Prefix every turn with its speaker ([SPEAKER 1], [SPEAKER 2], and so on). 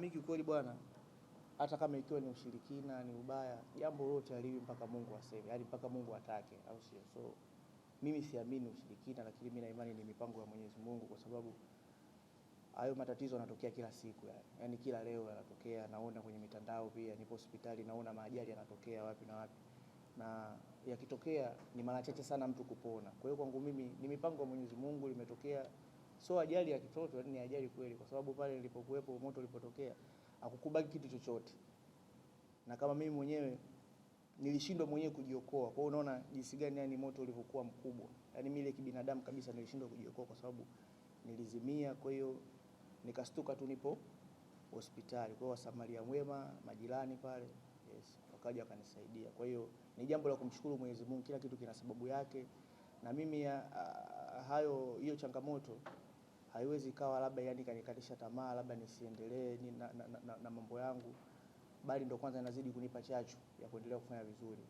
[SPEAKER 1] mimi kiukweli bwana, hata kama ikiwa ni ushirikina ni ubaya, jambo lolote haliwi mpaka Mungu aseme, yaani mpaka Mungu atake, au sio? So mimi siamini ushirikina, lakini mimi na imani ni mipango ya Mwenyezi Mungu, kwa sababu hayo matatizo yanatokea kila siku yani. Yaani kila leo yanatokea, naona kwenye mitandao pia, nipo hospitali naona maajali yanatokea wapi na wapi, na yakitokea ni mara chache sana mtu kupona. Kwa hiyo kwangu mimi ni mipango ya Mwenyezi Mungu, limetokea sio ajali ya kitoto, ni ajali kweli, kwa sababu pale nilipokuwepo moto ulipotokea hakukubaki kitu chochote, na kama mimi mwenyewe nilishindwa mwenyewe kujiokoa. Kwa hiyo unaona jinsi gani yani moto ulivyokuwa mkubwa, yani mimi ile kibinadamu kabisa nilishindwa kujiokoa kwa sababu nilizimia. Kwa hiyo nikastuka tu nipo hospitali. Kwa hiyo wasamaria mwema majirani pale yes, wakaja wakanisaidia. Kwa hiyo ni jambo la kumshukuru Mwenyezi Mungu, kila kitu kina sababu yake, na mimi ya, a, hayo hiyo changamoto haiwezi ikawa labda yani kanikatisha tamaa labda nisiendelee na, na, na, na mambo yangu, bali ndo kwanza inazidi kunipa chachu ya kuendelea kufanya vizuri.